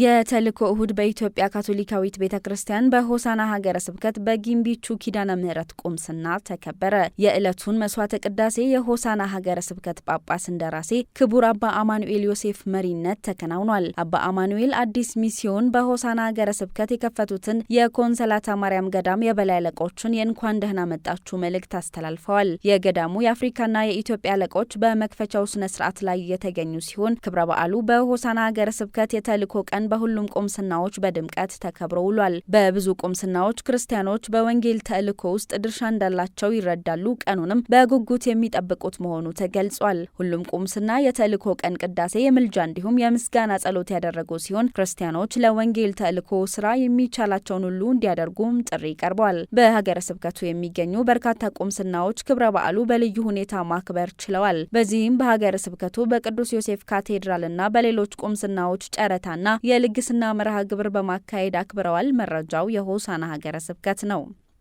የተልእኮ እሁድ በኢትዮጵያ ካቶሊካዊት ቤተ ክርስቲያን በሆሳና ሀገረ ስብከት በጊምቢቹ ኪዳነ ምሕረት ቁምስና ተከበረ። የዕለቱን መስዋዕተ ቅዳሴ የሆሳና ሀገረ ስብከት ጳጳስ እንደራሴ ክቡር አባ አማኑኤል ዮሴፍ መሪነት ተከናውኗል። አባ አማኑኤል አዲስ ሚስዮን በሆሳና ሀገረ ስብከት የከፈቱትን የኮንሰላታ ማርያም ገዳም የበላይ አለቆቹን የእንኳን ደህና መጣችሁ መልእክት አስተላልፈዋል። የገዳሙ የአፍሪካና የኢትዮጵያ አለቆች በመክፈቻው ስነ ስርዓት ላይ የተገኙ ሲሆን ክብረ በዓሉ በሆሳና ሀገረ ስብከት የተልእኮ ቀን ቀን በሁሉም ቁምስናዎች በድምቀት ተከብሮ ውሏል። በብዙ ቁምስናዎች ክርስቲያኖች በወንጌል ተልእኮ ውስጥ ድርሻ እንዳላቸው ይረዳሉ። ቀኑንም በጉጉት የሚጠብቁት መሆኑ ተገልጿል። ሁሉም ቁምስና የተልእኮ ቀን ቅዳሴ፣ የምልጃ እንዲሁም የምስጋና ጸሎት ያደረጉ ሲሆን ክርስቲያኖች ለወንጌል ተልእኮ ስራ የሚቻላቸውን ሁሉ እንዲያደርጉም ጥሪ ቀርቧል። በሀገረ ስብከቱ የሚገኙ በርካታ ቁምስናዎች ክብረ በዓሉ በልዩ ሁኔታ ማክበር ችለዋል። በዚህም በሀገረ ስብከቱ በቅዱስ ዮሴፍ ካቴድራልና በሌሎች ቁምስናዎች ጨረታና የልግስና መርሃ ግብር በማካሄድ አክብረዋል። መረጃው የሆሳና ሀገረ ስብከት ነው።